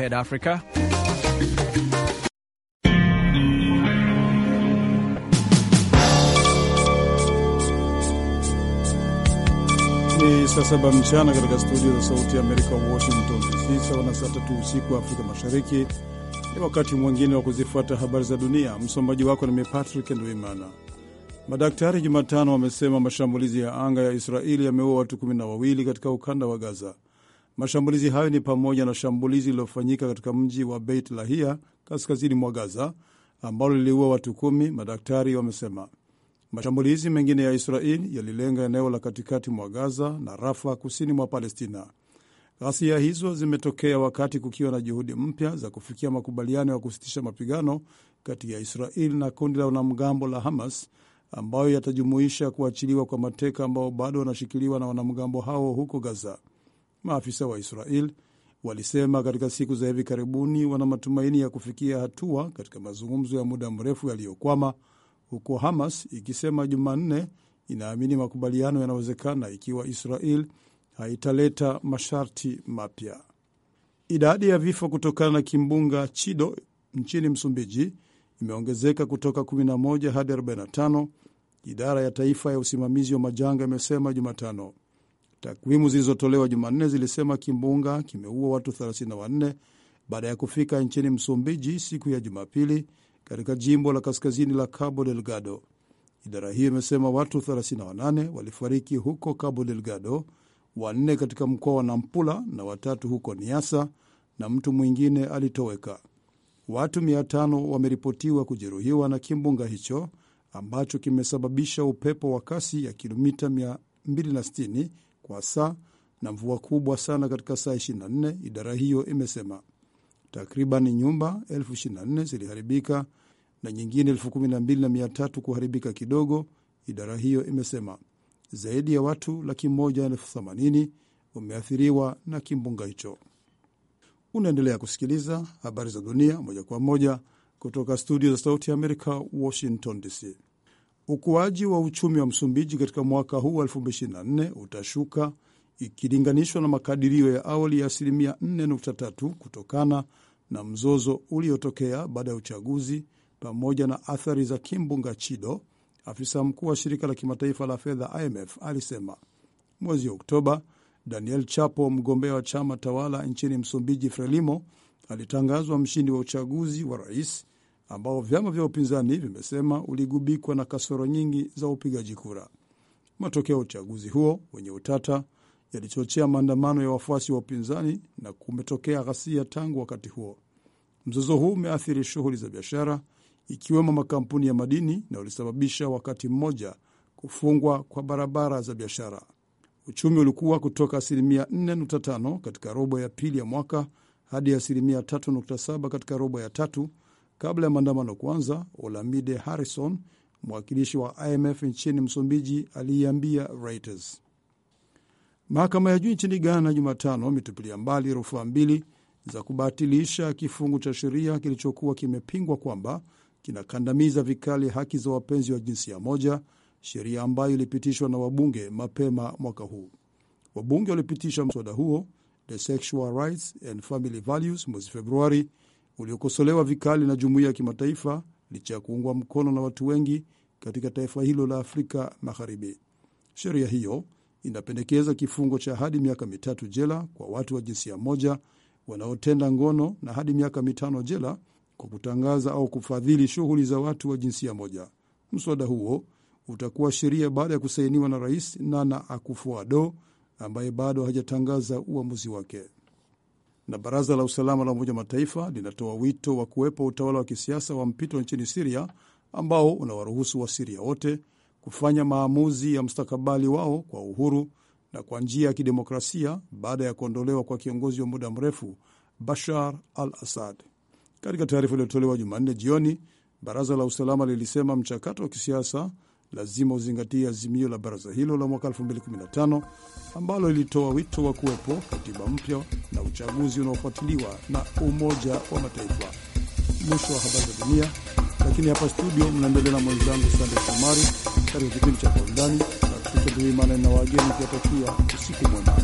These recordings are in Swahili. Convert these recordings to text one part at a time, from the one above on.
Head Africa. Ni saa saba mchana katika studio za Sauti ya Amerika, Washington DC, sawa na saa tatu usiku wa Afrika Mashariki. Ni wakati mwingine wa kuzifuata habari za dunia. Msomaji wako ni mimi Patrick Nduimana. Madaktari Jumatano wamesema mashambulizi ya anga ya Israeli yameua watu kumi na wawili katika ukanda wa Gaza. Mashambulizi hayo ni pamoja na shambulizi lililofanyika katika mji wa Beit Lahia kaskazini mwa Gaza ambalo liliua watu kumi, madaktari wamesema. Mashambulizi mengine ya Israeli yalilenga eneo la katikati mwa Gaza na Rafa kusini mwa Palestina. Ghasia hizo zimetokea wakati kukiwa na juhudi mpya za kufikia makubaliano ya kusitisha mapigano kati ya Israeli na kundi la wanamgambo la Hamas ambayo yatajumuisha kuachiliwa kwa mateka ambao bado wanashikiliwa na wanamgambo hao huko Gaza. Maafisa wa Israel walisema katika siku za hivi karibuni wana matumaini ya kufikia hatua katika mazungumzo ya muda mrefu yaliyokwama, huku Hamas ikisema Jumanne inaamini makubaliano yanawezekana ikiwa Israel haitaleta masharti mapya. Idadi ya vifo kutokana na kimbunga Chido nchini Msumbiji imeongezeka kutoka 11 hadi 45, idara ya taifa ya usimamizi wa majanga imesema Jumatano. Takwimu zilizotolewa Jumanne zilisema kimbunga kimeua watu 34 baada ya kufika nchini Msumbiji siku ya Jumapili katika jimbo la kaskazini la Cabo Delgado. Idara hiyo imesema watu 38 walifariki huko Cabo Delgado, wanne katika mkoa wa Nampula na watatu huko Niasa, na mtu mwingine alitoweka. Watu 500 wameripotiwa kujeruhiwa na kimbunga hicho ambacho kimesababisha upepo wa kasi ya kilomita 260 kwa saa na mvua kubwa sana katika saa 24, idara hiyo imesema. Takriban nyumba elfu 24 ziliharibika na nyingine elfu na mia tatu kuharibika kidogo, idara hiyo imesema. Zaidi ya watu laki moja elfu 80 wameathiriwa na kimbunga hicho. Unaendelea kusikiliza habari za dunia moja kwa moja kutoka studio za Sauti ya Amerika, Washington DC. Ukuaji wa uchumi wa Msumbiji katika mwaka huu wa 2024 utashuka ikilinganishwa na makadirio ya awali ya asilimia 4.3 kutokana na mzozo uliotokea baada ya uchaguzi pamoja na athari za kimbunga Chido, afisa mkuu wa shirika la kimataifa la fedha IMF alisema mwezi Oktoba. Daniel Chapo, mgombea wa chama tawala nchini Msumbiji, Frelimo, alitangazwa mshindi wa uchaguzi wa rais ambao vyama vya upinzani vimesema uligubikwa na kasoro nyingi za upigaji kura. Matokeo ya uchaguzi huo wenye utata yalichochea maandamano ya wafuasi wa upinzani na kumetokea ghasia tangu wakati huo. Mzozo huu umeathiri shughuli za biashara, ikiwemo makampuni ya madini na ulisababisha wakati mmoja kufungwa kwa barabara za biashara. Uchumi ulikuwa kutoka asilimia 4.5 katika robo ya pili ya mwaka hadi asilimia 3.7 katika robo ya tatu Kabla ya maandamano kuanza, Olamide Harrison, mwakilishi wa IMF nchini Msumbiji, aliiambia Reuters. Mahakama ya juu nchini Ghana Jumatano imetupilia mbali rufaa mbili za kubatilisha kifungu cha sheria kilichokuwa kimepingwa kwamba kinakandamiza vikali haki za wapenzi wa jinsia moja, sheria ambayo ilipitishwa na wabunge mapema mwaka huu. Wabunge walipitisha mswada huo The Sexual Rights and Family Values mwezi Februari uliokosolewa vikali na jumuiya ya kimataifa licha ya kuungwa mkono na watu wengi katika taifa hilo la Afrika Magharibi. Sheria hiyo inapendekeza kifungo cha hadi miaka mitatu jela kwa watu wa jinsia moja wanaotenda ngono na hadi miaka mitano jela kwa kutangaza au kufadhili shughuli za watu wa jinsia moja. Mswada huo utakuwa sheria baada ya kusainiwa na Rais Nana Akufo-Addo ambaye bado hajatangaza uamuzi wake na Baraza la Usalama la Umoja Mataifa linatoa wito wa kuwepo utawala wa kisiasa wa mpito nchini Siria ambao unawaruhusu Wasiria wote kufanya maamuzi ya mstakabali wao kwa uhuru na kwa njia ya kidemokrasia baada ya kuondolewa kwa kiongozi wa muda mrefu Bashar al Assad. Katika taarifa iliyotolewa Jumanne jioni, baraza la usalama lilisema mchakato wa kisiasa lazima uzingatie azimio la baraza hilo la mwaka 2015 ambalo lilitoa wito wa kuwepo katiba mpya na uchaguzi unaofuatiliwa na Umoja wa Mataifa. Mwisho wa habari za dunia. Lakini hapa studio mnaendelea na mwenzangu Sande Shomari katika kipindi cha Kwa Undani na Kristo Duimana na wageni kuwatakia usiku mwema.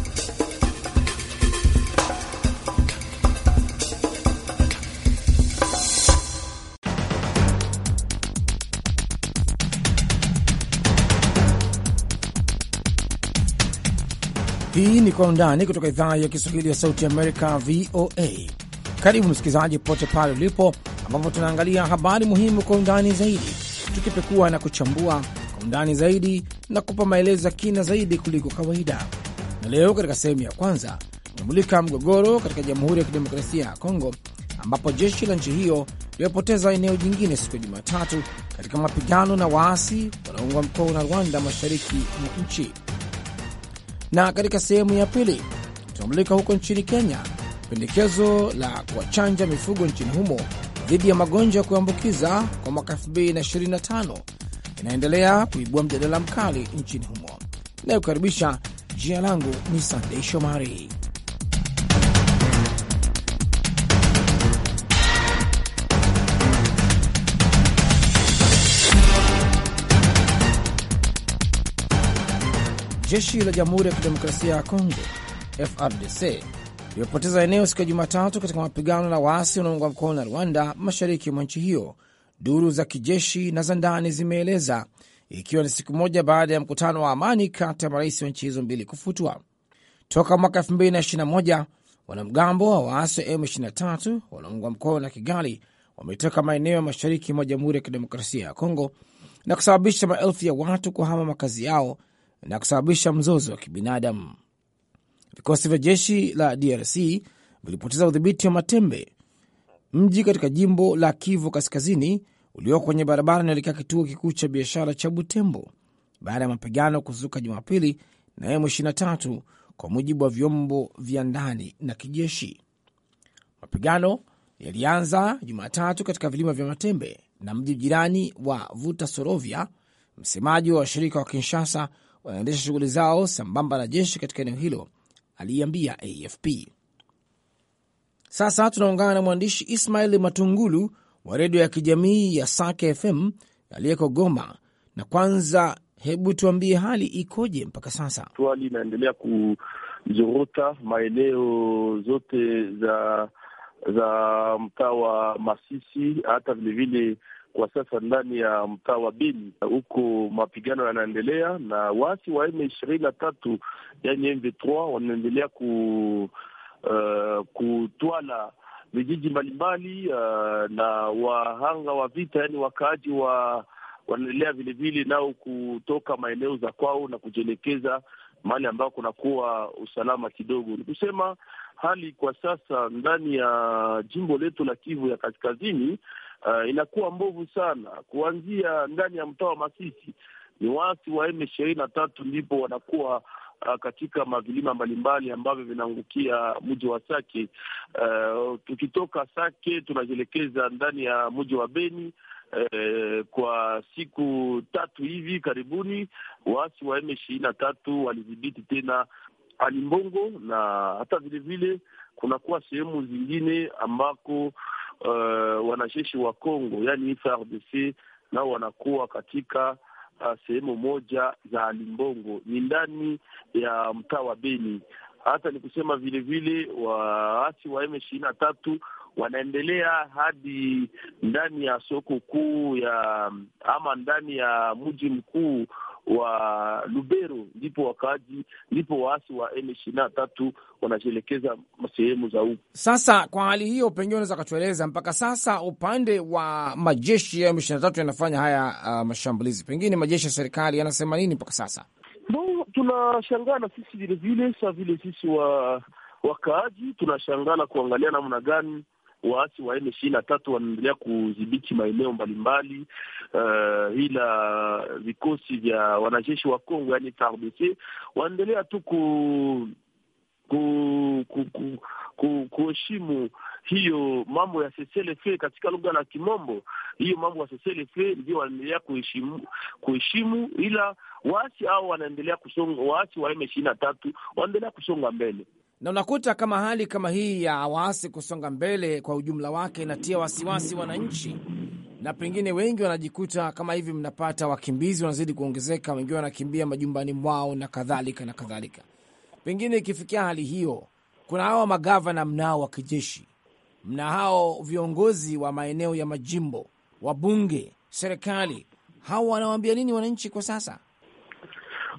Hii ni Kwa Undani kutoka idhaa ya Kiswahili ya Sauti Amerika, VOA. Karibu msikilizaji, popote pale ulipo, ambapo tunaangalia habari muhimu kwa undani zaidi, tukipekua na kuchambua kwa undani zaidi na kupa maelezo ya kina zaidi kuliko kawaida. Na leo katika sehemu ya kwanza tunamulika mgogoro katika Jamhuri ya Kidemokrasia ya Kongo, ambapo jeshi la nchi hiyo limepoteza eneo jingine siku ya Jumatatu katika mapigano na waasi wanaungwa mkono na Rwanda mashariki mwa nchi na katika sehemu ya pili tunamulika huko nchini Kenya pendekezo la kuwachanja mifugo nchini humo dhidi ya magonjwa ya kuambukiza kwa mwaka 2025 inaendelea kuibua mjadala mkali nchini humo. Inayokaribisha, jina langu ni Sandei Shomari. Jeshi la Jamhuri ya Kidemokrasia ya Kongo FRDC limepoteza eneo siku ya Jumatatu katika mapigano na waasi wanaoungwa mkono na Rwanda mashariki mwa nchi hiyo, duru za kijeshi na za ndani zimeeleza, ikiwa ni siku moja baada ya mkutano wa amani kati ya marais wa nchi hizo mbili kufutwa. Toka mwaka 2021 wanamgambo wa waasi wa M23 wanaoungwa mkono na Kigali wameteka maeneo ya mashariki mwa Jamhuri ya Kidemokrasia ya Kongo na kusababisha maelfu ya watu kuhama makazi yao na kusababisha mzozo wa kibinadamu. Vikosi vya jeshi la DRC vilipoteza udhibiti wa Matembe, mji katika jimbo la Kivu Kaskazini ulioko kwenye barabara inaelekea kituo kikuu cha biashara cha Butembo baada ya mapigano kuzuka Jumapili na M23, kwa mujibu wa vyombo vya ndani na kijeshi. Mapigano yalianza Jumatatu katika vilima vya Matembe na mji jirani wa Vuta Sorovia. Msemaji wa washirika wa Kinshasa wanaendesha shughuli zao sambamba na jeshi katika eneo hilo, aliiambia AFP. Sasa tunaungana na mwandishi Ismail Matungulu wa redio ya kijamii ya Sake FM aliyeko Goma, na kwanza hebu tuambie hali ikoje mpaka sasa. Hali inaendelea kuzorota maeneo zote za za mtaa wa Masisi, hata vilevile kwa sasa ndani ya mtaa wa Beni huko mapigano yanaendelea na waasi wa M ishirini na tatu yani M23 wanaendelea ku uh, kutwala vijiji mbalimbali uh, na wahanga wa vita yani wakaaji wa wanaendelea vilevile nao kutoka maeneo za kwao na kujielekeza mahali ambayo kunakuwa usalama kidogo. Ni kusema hali kwa sasa ndani ya jimbo letu la Kivu ya Kaskazini uh, inakuwa mbovu sana, kuanzia ndani ya mtaa wa Masisi ni waasi wa M ishirini na tatu ndipo wanakuwa uh, katika mavilima mbalimbali ambavyo vinaangukia mji wa Sake. Uh, tukitoka Sake tunajielekeza ndani ya mji wa Beni. Eh, kwa siku tatu hivi karibuni waasi wa M ishirini na tatu walidhibiti tena alimbongo na hata vilevile kunakuwa sehemu zingine ambako uh, wanajeshi wa Congo yani FRDC nao wanakuwa katika uh, sehemu moja za alimbongo ni ndani ya mtaa wa Beni. Hata ni kusema vilevile waasi wa M ishirini na tatu wanaendelea hadi ndani ya soko kuu ya ama ndani ya mji mkuu wa Lubero, ndipo wakaaji, ndipo waasi wa M ishirini na tatu wanajielekeza sehemu za huku. Sasa kwa hali hiyo, pengine unaweza kutueleza mpaka sasa upande wa majeshi ya M ishirini na tatu yanafanya haya uh, mashambulizi, pengine majeshi ya serikali yanasema nini mpaka sasa? No, tunashangaa na sisi vilevile, saa vile sisi wa wakaaji tunashangana kuangalia namna gani waasi wa M ishirini na tatu wanaendelea kudhibiti maeneo mbalimbali, uh, ila vikosi vya wanajeshi wa Kongo yaani FARDC wanaendelea tu ku ku kuheshimu ku, ku, hiyo mambo ya cessez katika lugha la Kimombo, hiyo mambo ya cessez ndio wanaendelea kuheshimu kuheshimu, ila waasi hao wanaendelea kusonga, waasi wa M ishirini na tatu wanaendelea kusonga mbele na unakuta kama hali kama hii ya waasi kusonga mbele kwa ujumla wake inatia wasiwasi wananchi, na pengine wengi wanajikuta kama hivi, mnapata wakimbizi wanazidi kuongezeka, wengine wanakimbia majumbani mwao na kadhalika na kadhalika. Pengine ikifikia hali hiyo, kuna hawa magavana mnao wa kijeshi, mna hao viongozi wa maeneo ya majimbo, wabunge, serikali, hawa wanawaambia nini wananchi kwa sasa?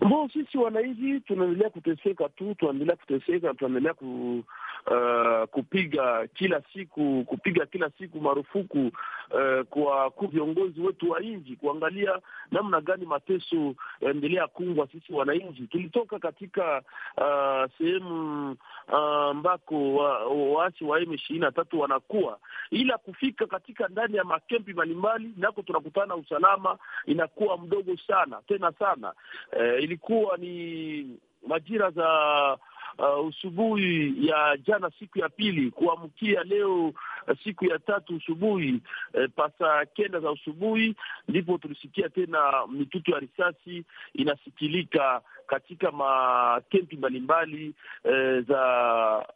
Bo, sisi wananchi tunaendelea kuteseka tu, tunaendelea kuteseka, tunaendelea ku uh, kupiga kila siku kupiga kila siku marufuku uh, kwa ku viongozi wetu wa nji kuangalia namna gani mateso yaendelea kungwa sisi wananchi. Tulitoka katika uh, sehemu uh, ambako uh, waasi wa M ishirini na tatu wanakuwa, ila kufika katika ndani ya makempi mbalimbali nako tunakutana usalama inakuwa mdogo sana tena sana. Uh, ilikuwa ni majira za Uh, usubuhi uh, ya jana siku ya pili kuamkia leo uh, siku ya tatu usubuhi uh, pasa kenda za usubuhi ndipo tulisikia tena mitutu ya risasi inasikilika katika makempi mbalimbali uh, za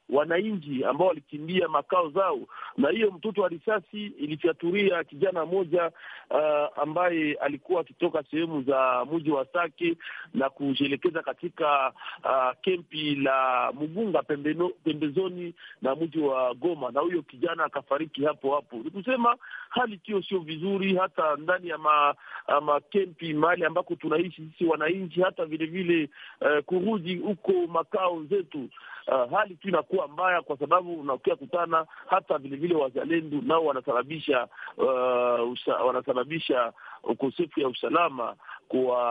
wananchi ambao walikimbia makao zao, na hiyo mtutu wa risasi ilifyaturia kijana mmoja uh, ambaye alikuwa akitoka sehemu za mji wa Sake na kujielekeza katika uh, kempi la ya Mugunga pembeno, pembezoni na mji wa Goma, na huyo kijana akafariki hapo hapo. Ni kusema hali hiyo sio vizuri, hata ndani ya ma, mahali ambako tunaishi sisi wananchi, hata vilevile uh, eh, kurudi huko makao zetu uh, hali tu inakuwa mbaya, kwa sababu unakia kutana hata vilevile wazalendo nao wanasababisha uh, wanasababisha ukosefu ya usalama kwa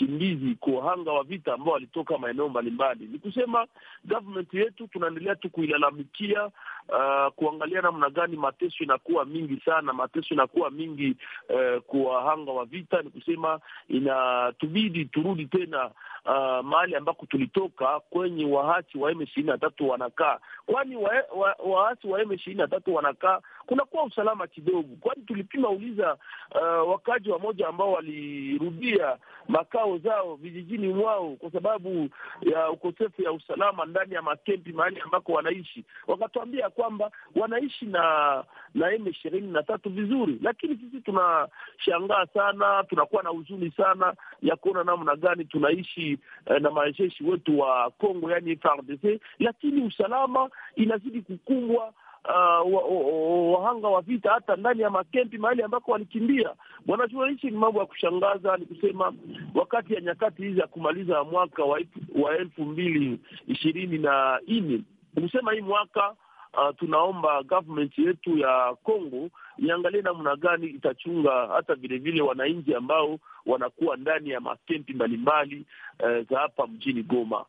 wakimbizi kwa wa vita ambao walitoka maeneo mbalimbali. Ni kusema government yetu tunaendelea tu kuilalamikia, uh, kuangalia namna gani mateso inakuwa mingi sana, mateso inakuwa mingi uh, kwa wahanga wa vita. Ni kusema inatubidi turudi tena uh, mahali ambako tulitoka kwenye waasi wa M ishirini na tatu wanakaa, kwani waasi wa, wa, wa M ishirini na tatu wanakaa kunakuwa usalama kidogo, kwani tulipima uliza uh, wakaji wamoja ambao walirudia makao makao zao vijijini mwao kwa sababu ya ukosefu ya usalama ndani ya makempi mahali ambako wanaishi. Wakatuambia kwamba wanaishi na na M ishirini na tatu vizuri, lakini sisi tunashangaa sana, tunakuwa na huzuni sana ya kuona namna gani tunaishi eh, na majeshi wetu wa Kongo, yani FARDC, lakini usalama inazidi kukumbwa uh, wahanga wa vita hata ndani ya makempi mahali ambako walikimbia. Bwana Shura, hichi ni mambo ya kushangaza. Ni kusema wakati ya nyakati hizi ya kumaliza mwaka wa, wa elfu mbili ishirini na nne kusema hii mwaka Uh, tunaomba government yetu ya Kongo iangalie namna gani itachunga hata vilevile wananchi ambao wanakuwa ndani ya makempi mbalimbali uh, za hapa mjini Goma.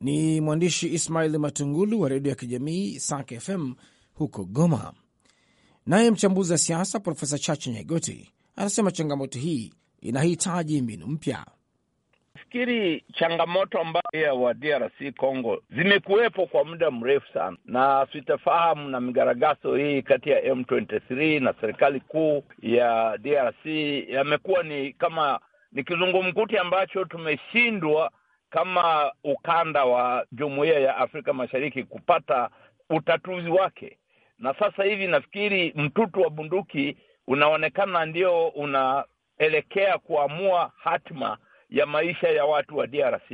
Ni mwandishi Ismail Matungulu wa redio ya kijamii Sake FM huko Goma. Naye mchambuzi wa siasa Profesa Chacha Nyagoti anasema changamoto hii inahitaji mbinu mpya. Nafikiri changamoto ambayo wa DRC Congo zimekuwepo kwa muda mrefu sana, na sitafahamu na migaragaso hii kati ya M23 na serikali kuu ya DRC yamekuwa ni kama ni kizungumkuti ambacho tumeshindwa kama ukanda wa jumuiya ya Afrika Mashariki kupata utatuzi wake na sasa hivi nafikiri mtutu wa bunduki unaonekana ndio unaelekea kuamua hatima ya maisha ya watu wa DRC.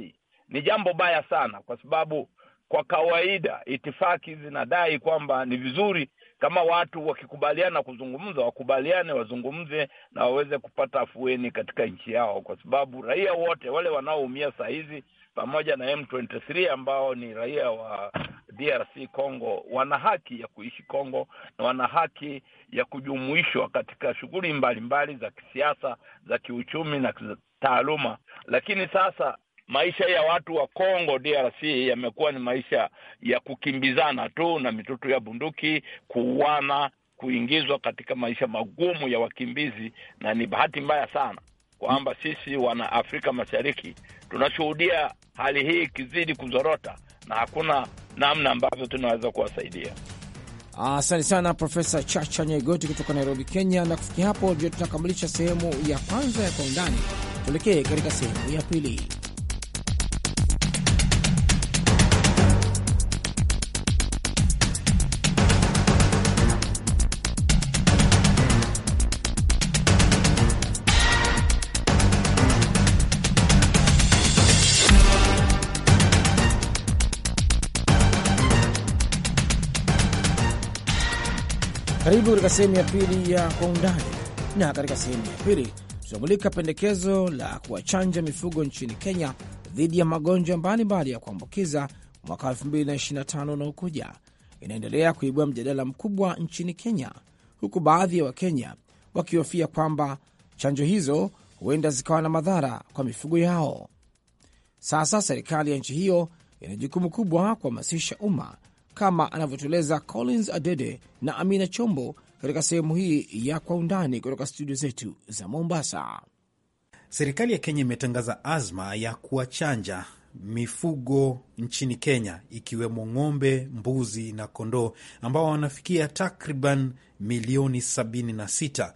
Ni jambo baya sana, kwa sababu kwa kawaida itifaki zinadai kwamba ni vizuri kama watu wakikubaliana kuzungumza, wakubaliane, wazungumze na waweze kupata afueni katika nchi yao, kwa sababu raia wote wale wanaoumia saa hizi pamoja na M23 ambao ni raia wa DRC Congo wana haki ya kuishi Congo na wana haki ya kujumuishwa katika shughuli mbalimbali za kisiasa, za kiuchumi na taaluma. Lakini sasa maisha ya watu wa Congo DRC yamekuwa ni maisha ya kukimbizana tu na mitutu ya bunduki, kuuana, kuingizwa katika maisha magumu ya wakimbizi, na ni bahati mbaya sana kwamba sisi wana Afrika Mashariki tunashuhudia hali hii ikizidi kuzorota na hakuna namna ambavyo tunaweza kuwasaidia. Asante sana Profesa Chacha Nyaigoti kutoka Nairobi, Kenya. Na kufikia hapo ndio tunakamilisha sehemu ya kwanza ya Kwa Undani. Tuelekee katika sehemu ya pili. Karibu katika sehemu ya pili ya kwa undani, na katika sehemu ya pili tunamulika pendekezo la kuwachanja mifugo nchini Kenya dhidi ya magonjwa mbalimbali ya kuambukiza mwaka 2025 unaokuja inaendelea kuibua mjadala mkubwa nchini Kenya, huku baadhi ya Wakenya wakihofia kwamba chanjo hizo huenda zikawa na madhara kwa mifugo yao. Sasa serikali ya nchi hiyo ina jukumu kubwa kuhamasisha umma kama anavyotueleza Collins Adede na Amina Chombo katika sehemu hii ya Kwa Undani kutoka studio zetu za Mombasa. Serikali ya Kenya imetangaza azma ya kuwachanja mifugo nchini Kenya ikiwemo ng'ombe, mbuzi na kondoo ambao wanafikia takriban milioni 76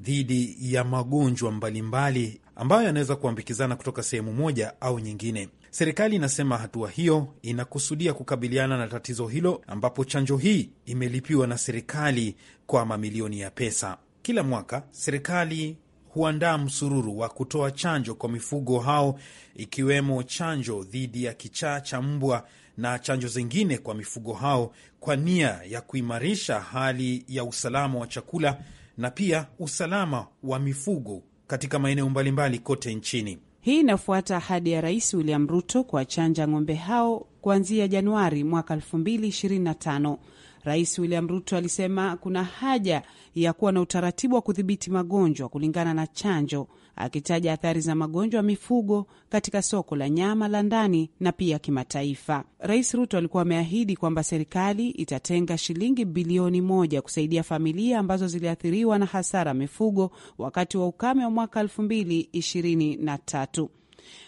dhidi ya magonjwa mbalimbali ambayo yanaweza kuambukizana kutoka sehemu moja au nyingine. Serikali inasema hatua hiyo inakusudia kukabiliana na tatizo hilo, ambapo chanjo hii imelipiwa na serikali kwa mamilioni ya pesa kila mwaka. Serikali huandaa msururu wa kutoa chanjo kwa mifugo hao, ikiwemo chanjo dhidi ya kichaa cha mbwa na chanjo zingine kwa mifugo hao kwa nia ya kuimarisha hali ya usalama wa chakula na pia usalama wa mifugo katika maeneo mbalimbali kote nchini. Hii inafuata ahadi ya Rais William Ruto kuwachanja ng'ombe hao kuanzia Januari mwaka 2025. Rais William Ruto alisema kuna haja ya kuwa na utaratibu wa kudhibiti magonjwa kulingana na chanjo akitaja athari za magonjwa ya mifugo katika soko la nyama la ndani na pia kimataifa. Rais Ruto alikuwa ameahidi kwamba serikali itatenga shilingi bilioni moja kusaidia familia ambazo ziliathiriwa na hasara mifugo wakati wa ukame wa mwaka elfu mbili ishirini na tatu.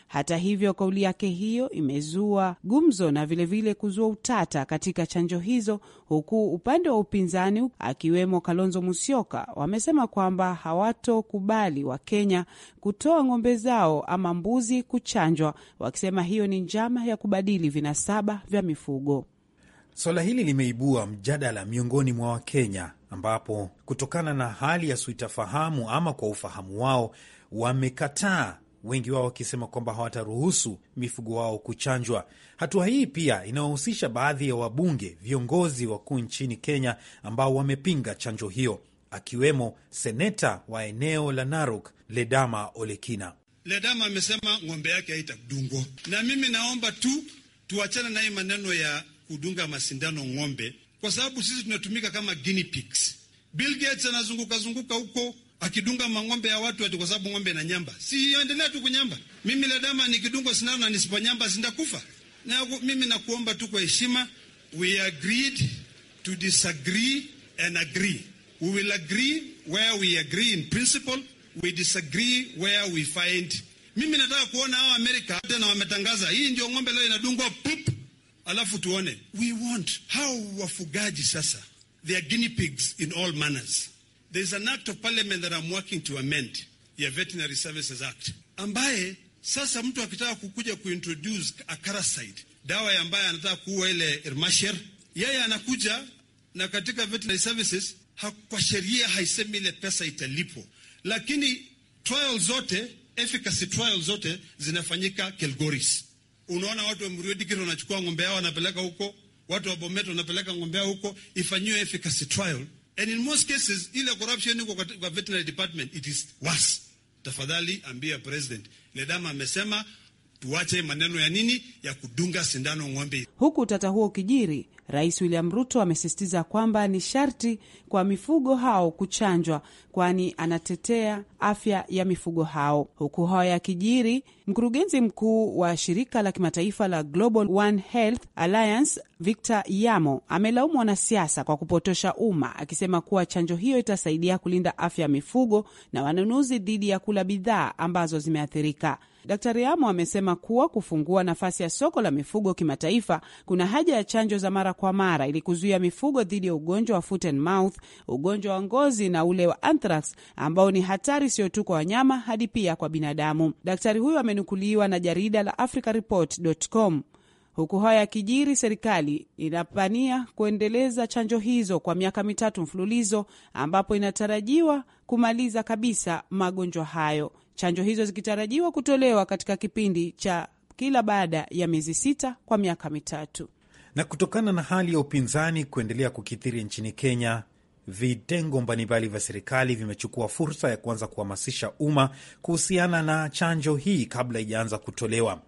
Hata hivyo, kauli yake hiyo imezua gumzo na vilevile vile kuzua utata katika chanjo hizo, huku upande wa upinzani akiwemo Kalonzo Musyoka wamesema kwamba hawatokubali Wakenya kutoa ng'ombe zao ama mbuzi kuchanjwa, wakisema hiyo ni njama ya kubadili vinasaba vya mifugo. Swala hili limeibua mjadala miongoni mwa Wakenya ambapo kutokana na hali ya suitafahamu ama kwa ufahamu wao wamekataa wengi wao wakisema kwamba hawataruhusu mifugo wao kuchanjwa. Hatua hii pia inawahusisha baadhi ya wabunge, viongozi wakuu nchini Kenya ambao wamepinga chanjo hiyo, akiwemo seneta wa eneo la Narok Ledama Olekina. Ledama amesema ng'ombe yake haitadungwa, na mimi naomba tu tuachane naye maneno ya kudunga masindano ng'ombe, kwa sababu sisi tunatumika kama guinea pigs. Bill Gates anazungukazunguka huko akidunga mang'ombe ya watu ati kwa sababu ng'ombe na nyamba, si endelea tu kunyamba. Mimi ladama nikidungwa sindano na nisiponyamba sindakufa. Na mimi nakuomba tu kwa heshima, we agreed to disagree and agree. We will agree where we agree in principle, we disagree where we find. Mimi nataka kuona hao Amerika tena wametangaza hii ndio ng'ombe leo inadungwa pup, alafu tuone. We want hao wafugaji sasa, they are guinea pigs in all manners There is an act of parliament that I'm working to amend the Veterinary Services Act ambaye sasa mtu akitaka kukuja kuintroduce a acaricide, dawa ambaye anataka kuua ile ermasher, yeye anakuja na katika Veterinary Services ha, kwa sheria haisemi ile pesa italipwa, lakini trial zote efficacy trial zote zinafanyika Kilgoris. Unaona watu wa Muriodikiri wanachukua ng'ombe yao wanapeleka huko, watu wa Bomet wanapeleka ng'ombe yao huko, ifanyiwe efficacy trial And in most cases ile corruption iko kwa veterinary department it is worse. Tafadhali ambia president, Ledama amesema tuache maneno ya nini ya kudunga sindano ng'ombe. Huku utata huo ukijiri, Rais William Ruto amesisitiza kwamba ni sharti kwa mifugo hao kuchanjwa, kwani anatetea afya ya mifugo hao. Huku hao ya kijiri, mkurugenzi mkuu wa shirika la kimataifa la Global One Health Alliance Victor Yamo amelaumu wanasiasa kwa kupotosha umma, akisema kuwa chanjo hiyo itasaidia kulinda afya ya mifugo na wanunuzi dhidi ya kula bidhaa ambazo zimeathirika. Daktari Amo amesema kuwa kufungua nafasi ya soko la mifugo kimataifa, kuna haja ya chanjo za mara kwa mara ili kuzuia mifugo dhidi ya ugonjwa wa foot and mouth, ugonjwa wa ngozi na ule wa anthrax, ambao ni hatari sio tu kwa wanyama hadi pia kwa binadamu. Daktari huyo amenukuliwa na jarida la africareport.com. Huku haya yakijiri, serikali inapania kuendeleza chanjo hizo kwa miaka mitatu mfululizo, ambapo inatarajiwa kumaliza kabisa magonjwa hayo. Chanjo hizo zikitarajiwa kutolewa katika kipindi cha kila baada ya miezi sita kwa miaka mitatu. Na kutokana na hali ya upinzani kuendelea kukithiri nchini Kenya, vitengo mbalimbali vya serikali vimechukua fursa ya kuanza kuhamasisha umma kuhusiana na chanjo hii kabla ijaanza kutolewa.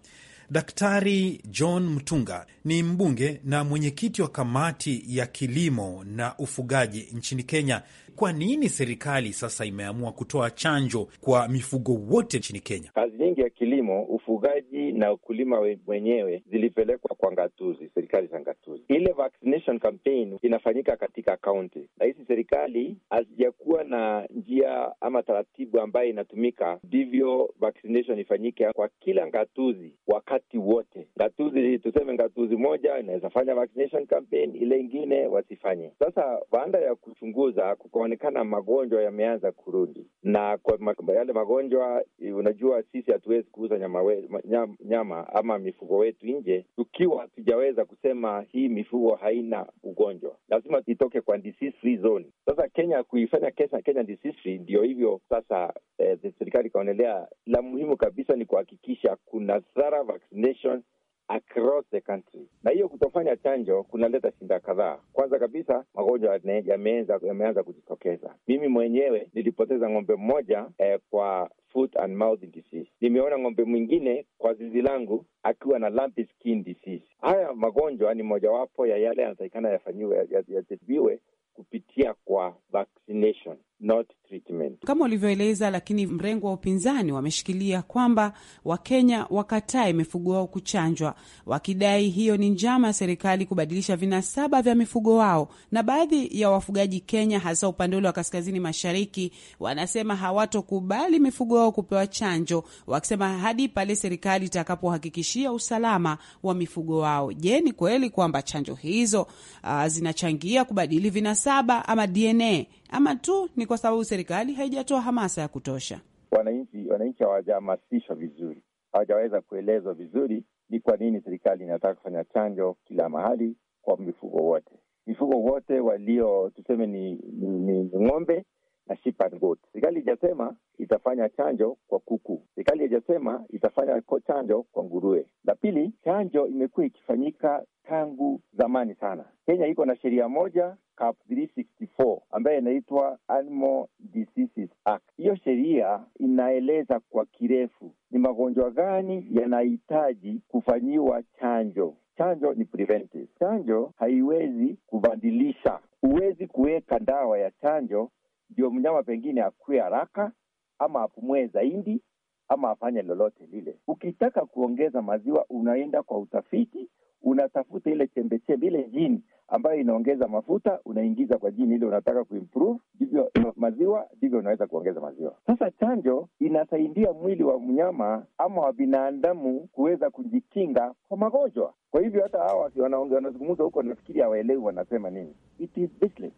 Daktari John Mtunga ni mbunge na mwenyekiti wa kamati ya kilimo na ufugaji nchini Kenya kwa nini serikali sasa imeamua kutoa chanjo kwa mifugo wote nchini Kenya? Kazi nyingi ya kilimo, ufugaji na ukulima wenyewe zilipelekwa kwa ngatuzi, serikali za ngatuzi. Ile vaccination campaign inafanyika katika kaunti, na hizi serikali hazijakuwa na njia ama taratibu ambayo inatumika, ndivyo vaccination ifanyike kwa kila ngatuzi wakati wote. Ngatuzi tuseme, ngatuzi moja inaweza fanya vaccination campaign, ile ingine wasifanye. Sasa baada ya kuchunguza kuko inaonekana magonjwa yameanza kurudi, na kwa yale magonjwa, unajua sisi hatuwezi kuuza nyama, we, nyama, nyama ama mifugo wetu nje tukiwa hatujaweza kusema hii mifugo haina ugonjwa, lazima itoke kwa disease free zone. Sasa Kenya kuifanya Kenya, Kenya disease free, ndio hivyo sasa. Eh, serikali ikaonelea la muhimu kabisa ni kuhakikisha kuna thorough vaccination across the country, na hiyo kutofanya chanjo kunaleta shida kadhaa. Kwanza kabisa, magonjwa yameanza yameanza kujitokeza. Mimi mwenyewe nilipoteza ng'ombe mmoja eh, kwa foot and mouth disease. Nimeona ng'ombe mwingine kwa zizi langu akiwa na lumpy skin disease. Haya magonjwa ni mojawapo ya yale yanatakikana yafanyiwe, yatibiwe kupitia kwa vaccination not treatment, kama ulivyoeleza. Lakini mrengo wa upinzani wameshikilia kwamba Wakenya wakatae mifugo wao kuchanjwa, wakidai hiyo ni njama ya serikali kubadilisha vinasaba vya mifugo wao. Na baadhi ya wafugaji Kenya, hasa upande ule wa kaskazini mashariki, wanasema hawatokubali mifugo wao kupewa chanjo, wakisema hadi pale serikali itakapohakikishia usalama wa mifugo wao. Je, ni kweli kwamba chanjo hizo uh, zinachangia kubadili vinasaba ama DNA? ama tu ni kwa sababu serikali haijatoa hamasa ya kutosha? Wananchi wananchi hawajahamasishwa vizuri, hawajaweza kuelezwa vizuri ni kwa nini serikali inataka kufanya chanjo kila mahali kwa mifugo wote. Mifugo wote walio tuseme ni, ni, ni ng'ombe na sheep and goat. Serikali haijasema itafanya chanjo kwa kuku, serikali haijasema itafanya chanjo kwa nguruwe. La pili, chanjo imekuwa ikifanyika tangu zamani sana. Kenya iko na sheria moja CAP 364 ambayo inaitwa Animal Diseases Act. Hiyo sheria inaeleza kwa kirefu ni magonjwa gani yanahitaji kufanyiwa chanjo. Chanjo ni preventive. Chanjo haiwezi kubadilisha. Huwezi kuweka dawa ya chanjo ndio mnyama pengine akue haraka ama apumue zaidi ama afanye lolote lile. Ukitaka kuongeza maziwa, unaenda kwa utafiti, unatafuta ile chembechembe ile jini ambayo inaongeza mafuta, unaingiza kwa jini ile unataka kuimprove. Ndivyo maziwa, ndivyo unaweza kuongeza maziwa. Sasa chanjo inasaidia mwili wa mnyama ama wa binadamu kuweza kujikinga kwa magonjwa. Kwa hivyo hata hawa wanazungumza huko, nafikiri hawaelewi wanasema nini. It is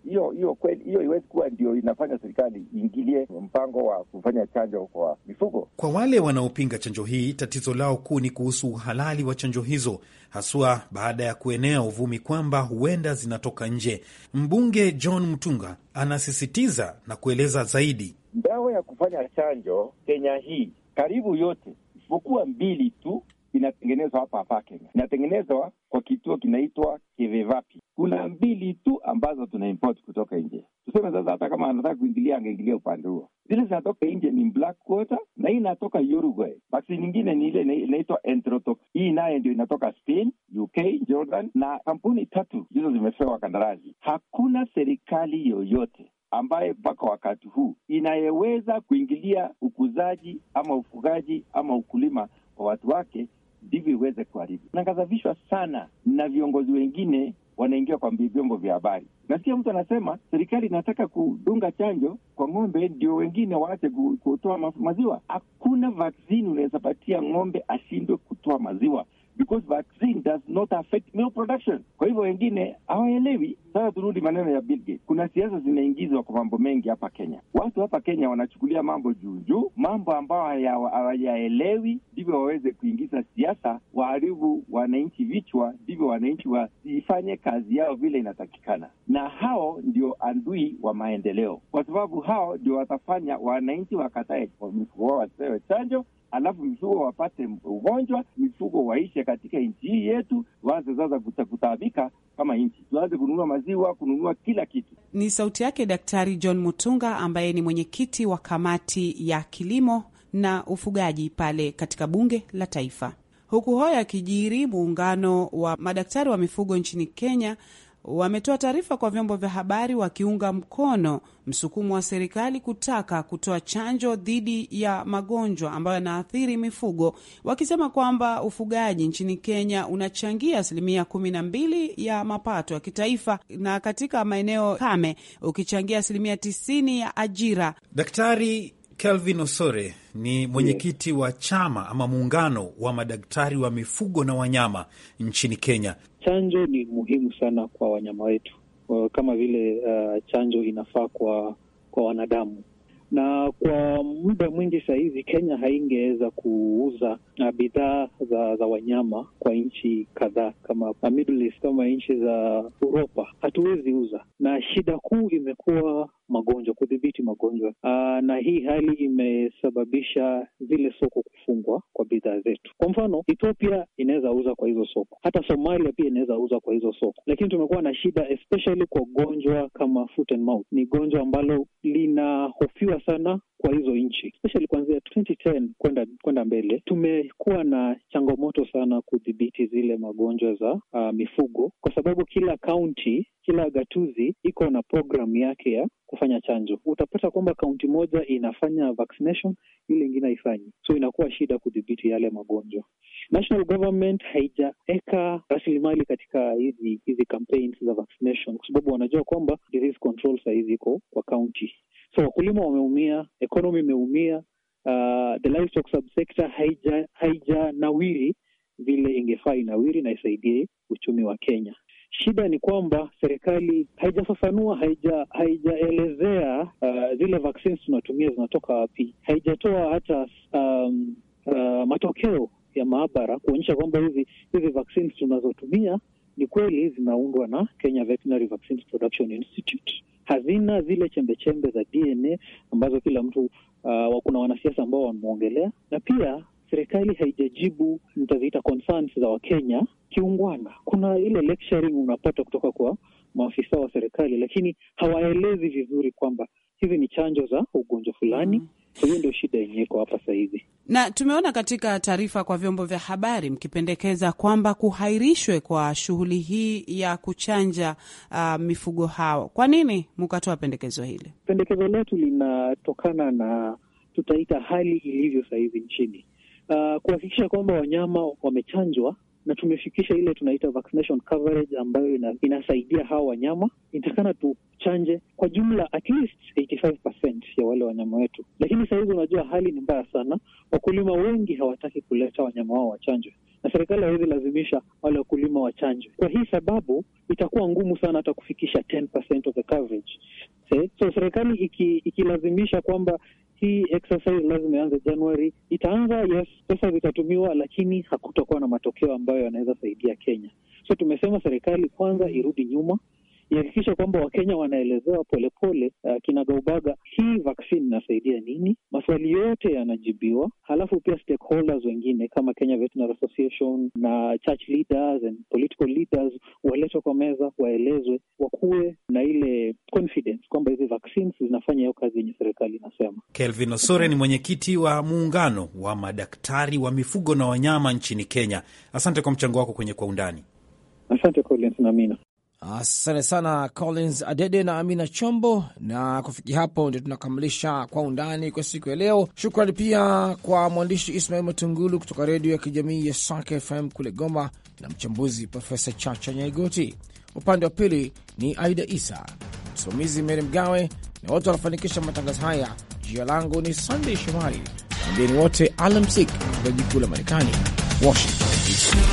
Hiyo hiyo kweli, hiyo iwezi kuwa ndio inafanya serikali iingilie mpango wa kufanya chanjo kwa mifugo. Kwa wale wanaopinga chanjo hii, tatizo lao kuu ni kuhusu uhalali wa chanjo hizo, haswa baada ya kuenea uvumi kwamba huenda huenda zinatoka nje. Mbunge John Mtunga anasisitiza na kueleza zaidi. Dawa ya kufanya chanjo Kenya hii karibu yote isipokuwa mbili tu inatengenezwa hapa hapa Kenya, inatengenezwa kwa kituo kinaitwa Kevevapi. Kuna mbili tu ambazo tuna import kutoka nje. Tuseme sasa, hata kama anataka kuingilia, angeingilia upande huo. Zile zinatoka nje ni black quarter, na hii inatoka Uruguay. basi nyingine ni ile inaitwa Entrotox, hii naye ndio inatoka Spain, UK, Jordan na kampuni tatu hizo zimepewa kandarasi. Hakuna serikali yoyote ambaye mpaka wakati huu inayeweza kuingilia ukuzaji ama ufugaji ama ukulima kwa watu wake ndivyo iweze kuharibu. Nakaghadhabishwa sana na viongozi wengine wanaingia kwa vyombo vya habari. Nasikia mtu anasema serikali inataka kudunga chanjo kwa ng'ombe ndio wengine waache kutoa maziwa. Hakuna vaksini unawezapatia ng'ombe ashindwe kutoa maziwa because vaccine does not affect milk production. Kwa hivyo wengine hawaelewi. Sasa turudi maneno ya Bill Gates. Kuna siasa zinaingizwa kwa mambo mengi hapa Kenya. Watu hapa Kenya wanachukulia mambo juu juu, mambo ambayo hawayaelewi, ndivyo waweze kuingiza siasa, waharibu wananchi vichwa, ndivyo wananchi wasifanye kazi yao vile inatakikana, na hao ndio andui wa maendeleo, kwa sababu hao ndio watafanya wananchi wakatae wao wasipewe chanjo alafu mifugo wapate ugonjwa, mifugo waishe katika nchi hii yetu, waanze sasa kutaabika kama nchi, tuanze kununua maziwa, kununua kila kitu. Ni sauti yake Daktari John Mutunga ambaye ni mwenyekiti wa kamati ya kilimo na ufugaji pale katika bunge la taifa. Huku hayo yakijiri, muungano wa madaktari wa mifugo nchini Kenya wametoa taarifa kwa vyombo vya habari wakiunga mkono msukumo wa serikali kutaka kutoa chanjo dhidi ya magonjwa ambayo yanaathiri mifugo, wakisema kwamba ufugaji nchini Kenya unachangia asilimia kumi na mbili ya mapato ya kitaifa na katika maeneo kame ukichangia asilimia tisini ya ajira. Daktari Kelvin Osore ni mwenyekiti wa chama ama muungano wa madaktari wa mifugo na wanyama nchini Kenya. Chanjo ni muhimu sana kwa wanyama wetu kama vile uh, chanjo inafaa kwa kwa wanadamu na kwa muda mwingi sahizi Kenya haingeweza kuuza ah, bidhaa za, za wanyama kwa nchi kadhaa kama Middle East, kama nchi za Uropa hatuwezi uza, na shida kuu imekuwa magonjwa, kudhibiti magonjwa. Aa, ah, na hii hali imesababisha zile soko kufungwa kwa bidhaa zetu. Kwa mfano, Ethiopia inaweza uza kwa hizo soko, hata Somalia pia inaweza uza kwa hizo soko, lakini tumekuwa na shida especially kwa gonjwa kama foot and mouth. Ni gonjwa ambalo linahofiwa sana kwa hizo nchi especially kuanzia 2010 kwenda kwenda mbele, tumekuwa na changamoto sana kudhibiti zile magonjwa za uh, mifugo kwa sababu kila kaunti, kila gatuzi iko na programu yake ya kufanya chanjo. Utapata kwamba kaunti moja inafanya vaccination, ile ingine haifanyi, so inakuwa shida kudhibiti yale magonjwa. National government haijaweka rasilimali katika hizi hizi campaigns za vaccination, kwa sababu wanajua kwamba disease control sahizi iko kwa county so wakulima wameumia, economy imeumia. Uh, the livestock subsector haija haijanawiri vile ingefaa inawiri na isaidie uchumi wa Kenya. Shida ni kwamba serikali haijafafanua, haijaelezea haija uh, zile vaccines tunatumia zinatoka wapi, haijatoa hata um, uh, matokeo ya maabara kuonyesha kwamba hizi hizi vaccines tunazotumia ni kweli zinaundwa na Kenya Veterinary Vaccines Production Institute. Hazina zile chembe chembe za DNA ambazo kila mtu uh, kuna wanasiasa ambao wameongelea, na pia serikali haijajibu nitaziita concerns za Wakenya kiungwana. Kuna ile lecturing unapata kutoka kwa maafisa wa serikali, lakini hawaelezi vizuri kwamba hizi ni chanjo za ugonjwa fulani mm. Hiyo ndio shida yenyewe iko hapa sasa hivi, na tumeona katika taarifa kwa vyombo vya habari mkipendekeza kwamba kuhairishwe kwa shughuli hii ya kuchanja uh, mifugo hao. Kwa nini mkatoa pendekezo hili? Pendekezo letu linatokana na tutaita hali ilivyo sasa hivi nchini, uh, kuhakikisha kwamba wanyama wamechanjwa na tumefikisha ile tunaita vaccination coverage ambayo ina, inasaidia hawa wanyama. Inatakana tuchanje kwa jumla at least 85% ya wale wanyama wetu, lakini sahizi unajua hali ni mbaya sana. Wakulima wengi hawataki kuleta wanyama wao wachanjwe na serikali hawezi lazimisha wale wakulima wachanjwe. Kwa hii sababu itakuwa ngumu sana hata kufikisha 10% of the coverage. So serikali ikilazimisha iki kwamba hii exercise lazima ianze Januari, itaanza yes, pesa zitatumiwa, lakini hakutakuwa na matokeo ambayo yanaweza saidia Kenya. So tumesema serikali kwanza irudi nyuma ihakikishe kwamba Wakenya wanaelezewa polepole uh, kinagaubaga hii vaccine inasaidia nini, maswali yote yanajibiwa, halafu pia stakeholders wengine kama Kenya Veterinary Association na church leaders and political leaders waletwe kwa meza, waelezwe, wakuwe na ile confidence kwamba hizi vaccines zinafanya hiyo kazi yenye serikali inasema. Kelvin Osore ni mwenyekiti wa muungano wa madaktari wa mifugo na wanyama nchini Kenya. Asante kwa mchango wako kwenye Kwa Undani. Asante Collins na Mina. Asante sana Collins Adede na Amina Chombo. Na kufikia hapo, ndio tunakamilisha Kwa Undani kwa siku ya leo. Shukrani pia kwa mwandishi Ismail Matungulu kutoka redio ya kijamii ya Sake FM kule Goma, na mchambuzi Profesa Chacha Nyaigoti. Upande wa pili ni Aida Isa, msimamizi Meri Mgawe na wote wanafanikisha matangazo haya. Jina langu ni Sandey Shomari. Wageni wote alamsik, kutoka jikuu la Marekani, Washington DC.